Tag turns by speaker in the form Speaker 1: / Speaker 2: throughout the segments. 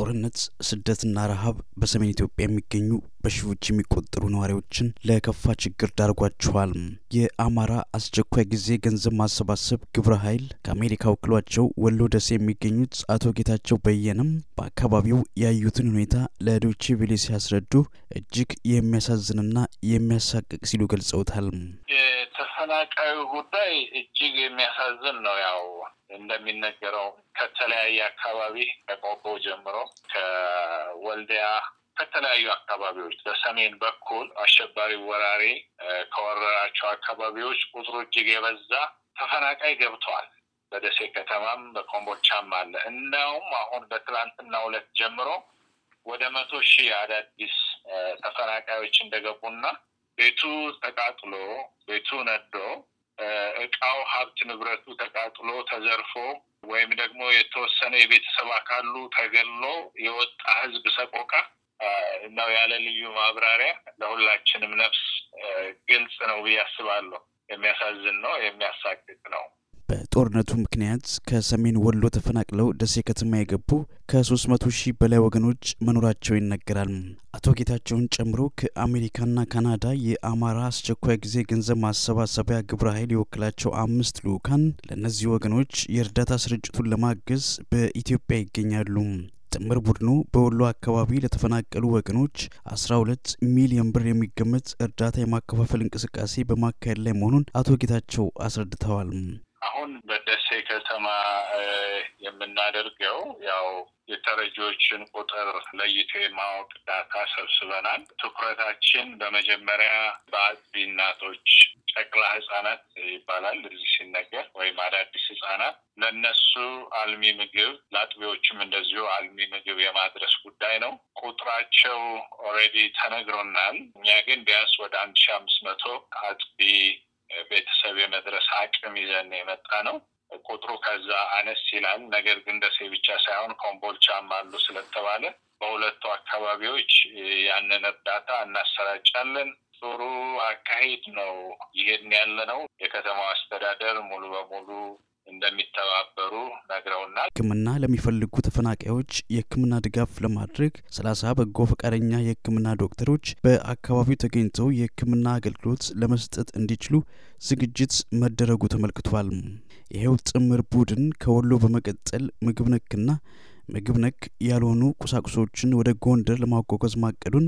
Speaker 1: ጦርነት፣ ስደትና ረሃብ በሰሜን ኢትዮጵያ የሚገኙ በሺዎች የሚቆጠሩ ነዋሪዎችን ለከፋ ችግር ዳርጓቸዋል። የአማራ አስቸኳይ ጊዜ ገንዘብ ማሰባሰብ ግብረ ኃይል ከአሜሪካ ወክሏቸው ወሎ ደሴ የሚገኙት አቶ ጌታቸው በየነም በአካባቢው ያዩትን ሁኔታ ለዶቼ ቬሌ ሲያስረዱ እጅግ የሚያሳዝንና የሚያሳቅቅ ሲሉ ገልጸውታል።
Speaker 2: የተፈናቃዩ ጉዳይ እጅግ የሚያሳዝን ነው። ያው እንደሚነገረው ከተለያየ አካባቢ ከቆቦ ጀምሮ ከወልዲያ ከተለያዩ አካባቢዎች በሰሜን በኩል አሸባሪ ወራሪ ከወረራቸው አካባቢዎች ቁጥሩ እጅግ የበዛ ተፈናቃይ ገብተዋል። በደሴ ከተማም በኮምቦቻም አለ። እናውም አሁን በትላንትና ሁለት ጀምሮ ወደ መቶ ሺህ አዳዲስ ተፈናቃዮች እንደገቡና ቤቱ ተቃጥሎ ቤቱ ነዶ እቃው ሀብት ንብረቱ ተቃጥሎ ተዘርፎ ወይም ደግሞ የተወሰነ የቤተሰብ አካሉ ተገሎ የወጣ ህዝብ ሰቆቃ ነው ያለ ልዩ ማብራሪያ ለሁላችንም ነፍስ ግልጽ ነው ብዬ አስባለሁ። የሚያሳዝን ነው፣ የሚያሳቅቅ ነው።
Speaker 1: በጦርነቱ ምክንያት ከሰሜን ወሎ ተፈናቅለው ደሴ ከተማ የገቡ ከ300 ሺህ በላይ ወገኖች መኖራቸው ይነገራል። አቶ ጌታቸውን ጨምሮ ከአሜሪካና ካናዳ የአማራ አስቸኳይ ጊዜ ገንዘብ ማሰባሰቢያ ግብረ ኃይል የወክላቸው አምስት ልዑካን ለእነዚህ ወገኖች የእርዳታ ስርጭቱን ለማገዝ በኢትዮጵያ ይገኛሉ። ጥምር ቡድኑ በወሎ አካባቢ ለተፈናቀሉ ወገኖች 12 ሚሊዮን ብር የሚገመት እርዳታ የማከፋፈል እንቅስቃሴ በማካሄድ ላይ መሆኑን አቶ ጌታቸው አስረድተዋል።
Speaker 2: አሁን በደ ከተማ የምናደርገው ያው የተረጂዎችን ቁጥር ለይቶ የማወቅ ዳታ ሰብስበናል። ትኩረታችን በመጀመሪያ በአጥቢ እናቶች፣ ጨቅላ ህጻናት ይባላል እዚህ ሲነገር ወይም አዳዲስ ህጻናት ለነሱ አልሚ ምግብ ለአጥቢዎችም እንደዚሁ አልሚ ምግብ የማድረስ ጉዳይ ነው። ቁጥራቸው ኦልሬዲ ተነግሮናል። እኛ ግን ቢያንስ ወደ አንድ ሺ አምስት መቶ አጥቢ ቤተሰብ የመድረስ አቅም ይዘን የመጣ ነው። ቁጥሩ ከዛ አነስ ይላል። ነገር ግን ደሴ ብቻ ሳይሆን ኮምቦልቻም አሉ ስለተባለ በሁለቱ አካባቢዎች ያንን እርዳታ እናሰራጫለን። ጥሩ አካሄድ ነው ይሄን ያለ ነው። የከተማው አስተዳደር ሙሉ በሙሉ እንደሚተባበሩ
Speaker 1: ነግረውናል። ሕክምና ለሚፈልጉ ተፈናቃዮች የሕክምና ድጋፍ ለማድረግ ሰላሳ በጎ ፈቃደኛ የሕክምና ዶክተሮች በአካባቢው ተገኝተው የሕክምና አገልግሎት ለመስጠት እንዲችሉ ዝግጅት መደረጉ ተመልክቷል። ይኸው ጥምር ቡድን ከወሎ በመቀጠል ምግብ ነክና ምግብ ነክ ያልሆኑ ቁሳቁሶችን ወደ ጎንደር ለማጓጓዝ ማቀዱን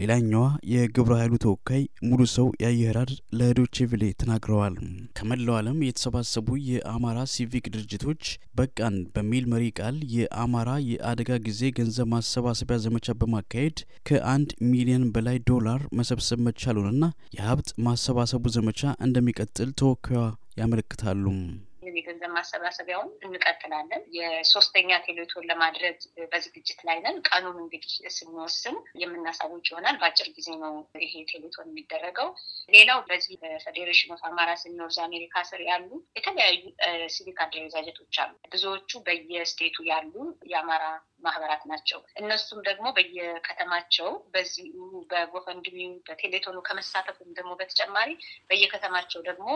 Speaker 1: ሌላኛዋ የግብረ ኃይሉ ተወካይ ሙሉ ሰው የአየህራድ ለዶቼቪሌ ተናግረዋል። ከመላው ዓለም የተሰባሰቡ የአማራ ሲቪክ ድርጅቶች በቃን በሚል መሪ ቃል የአማራ የአደጋ ጊዜ ገንዘብ ማሰባሰቢያ ዘመቻ በማካሄድ ከአንድ ሚሊዮን በላይ ዶላር መሰብሰብ መቻሉንና የሀብት ማሰባሰቡ ዘመቻ እንደሚቀጥል ተወካዩ ያመለክታሉ።
Speaker 3: ገንዘብ ማሰባሰቢያውን እንቀጥላለን። የሶስተኛ ቴሌቶን ለማድረግ በዝግጅት ላይ ነን። ቀኑን እንግዲህ ስንወስን የምናሳውቅ ይሆናል። በአጭር ጊዜ ነው ይሄ ቴሌቶን የሚደረገው። ሌላው በዚህ በፌዴሬሽን ኦፍ አማራ ኖርዝ አሜሪካ ስር ያሉ የተለያዩ ሲቪክ አደረጃጀቶች አሉ። ብዙዎቹ በየስቴቱ ያሉ የአማራ ማህበራት ናቸው። እነሱም ደግሞ በየከተማቸው በዚህ በጎፈንድሚ በቴሌቶኑ ከመሳተፉም ደግሞ በተጨማሪ በየከተማቸው ደግሞ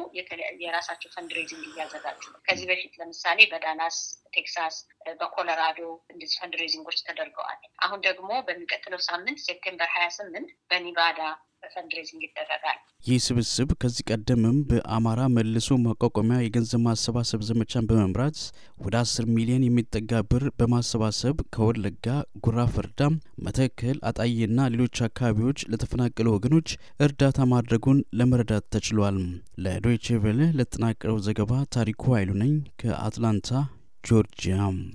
Speaker 3: የራሳቸው ፈንድሬዚንግ እያዘጋጁ ነው። ከዚህ በፊት ለምሳሌ በዳላስ ቴክሳስ፣ በኮሎራዶ እንደዚህ ፈንድሬዚንጎች ተደርገዋል። አሁን ደግሞ በሚቀጥለው ሳምንት ሴፕቴምበር ሀያ ስምንት በኒቫዳ ፈንድሬዚንግ ይደረጋል።
Speaker 1: ይህ ስብስብ ከዚህ ቀደምም በአማራ መልሶ ማቋቋሚያ የገንዘብ ማሰባሰብ ዘመቻን በመምራት ወደ አስር ሚሊዮን የሚጠጋ ብር በማሰባሰብ ከወለጋ ጉራ ፈርዳ፣ መተከል፣ አጣዬና ሌሎች አካባቢዎች ለተፈናቀሉ ወገኖች እርዳታ ማድረጉን ለመረዳት ተችሏል። ለዶይቼ ቬለ ለተጠናቀረው ዘገባ ታሪኩ ኃይሉ ነኝ ከአትላንታ georgia